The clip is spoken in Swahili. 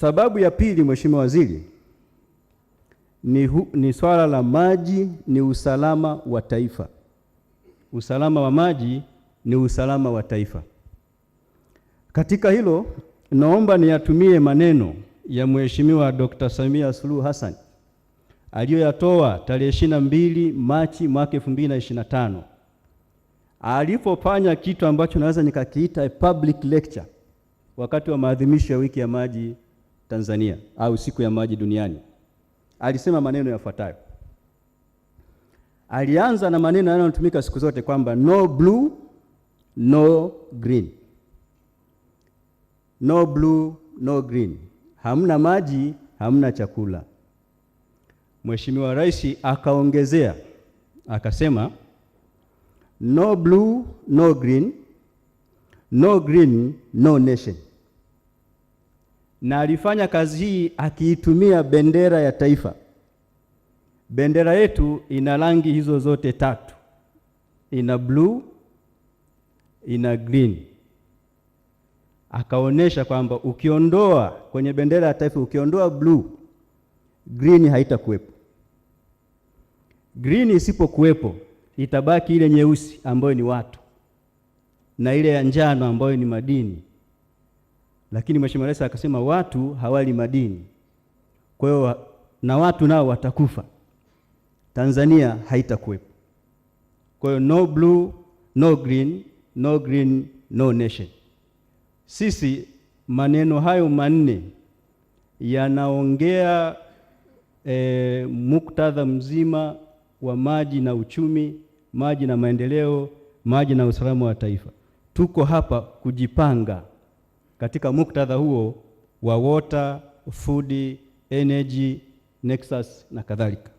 Sababu ya pili, Mheshimiwa Waziri, ni, hu, ni swala la maji ni usalama wa taifa. Usalama wa maji ni usalama wa taifa. Katika hilo naomba niyatumie maneno ya Mheshimiwa Dr. Samia Suluhu Hassan aliyoyatoa tarehe 22 Machi mwaka 2025 alipofanya kitu ambacho naweza nikakiita public lecture wakati wa maadhimisho ya wiki ya maji Tanzania au siku ya maji duniani alisema maneno yafuatayo. Alianza na maneno yanayotumika siku zote kwamba no blue no green, no blue no green, hamna maji, hamna chakula. Mheshimiwa Rais akaongezea akasema no blue no green, no green no nation na alifanya kazi hii akiitumia bendera ya taifa. Bendera yetu ina rangi hizo zote tatu, ina bluu, ina green. Akaonyesha kwamba ukiondoa kwenye bendera ya taifa, ukiondoa bluu, green haitakuwepo. Green isipokuwepo, itabaki ile nyeusi ambayo ni watu na ile ya njano ambayo ni madini lakini Mheshimiwa Rais akasema watu hawali madini, kwa hiyo na watu nao watakufa, Tanzania haitakuwepo. Kwa hiyo no blue no green, no green no nation. Sisi maneno hayo manne yanaongea e, muktadha mzima wa maji na uchumi, maji na maendeleo, maji na usalama wa taifa. Tuko hapa kujipanga katika muktadha huo wa water, food, energy, nexus na kadhalika.